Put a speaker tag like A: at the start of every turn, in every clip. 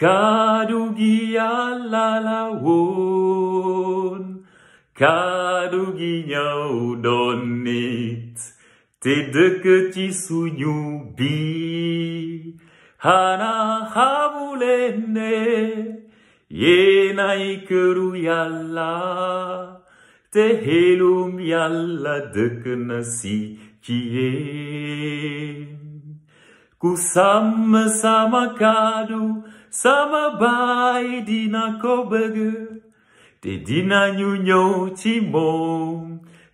A: Kadugia lalaon, kadugia udonit, te deketi sunyu bi, hana havulene, yenai keru yalla, te helum yalla dekenasi kie. Kusam sama kadu, sama baay dina ko bëgg te dinañu ñëw ci moom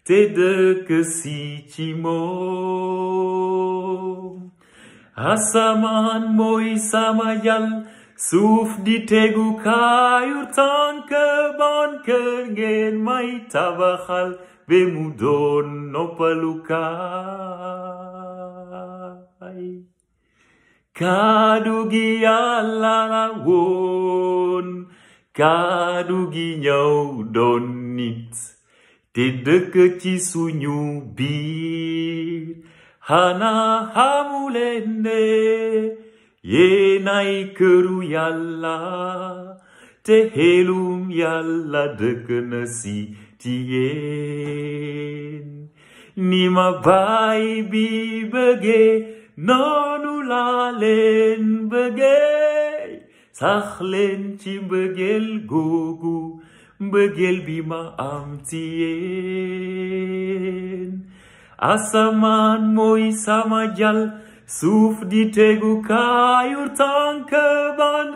A: te dëkk si ci moom asamaan mooy sama yal suuf di tegu kaayu tànk ban kër may tabaxal be mu doon noppalukaay kaddu gi yàlla la woon kaddu gi ñëw doon nit te dëkk ci suñu biir xanaa xamuleen ne yéenay këru yàlla te xelum yàlla dëkk na si ci ni ma baay bi bëggee noonu laa leen bëggee sax ci mbëggeel googu mbëggeel bi ma am ci asamaan mooy sama jal suuf di tegu kaayu tànk ban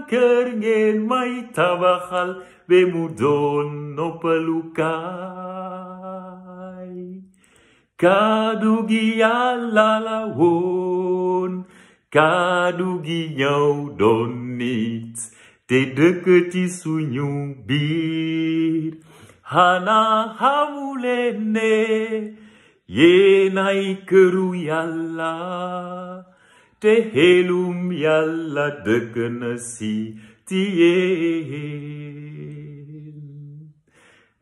A: may tabaxal be mu doon noppalukaay kaadu gi yàlla la woo kaddu gi ñëw doon nit te dëkk ci suñu biir xanaa xamuleen ne yéenay këru yàlla te xelum yàlla dëkk na si ci yéen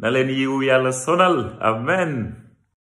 A: na leen yiw yàlla sonal amen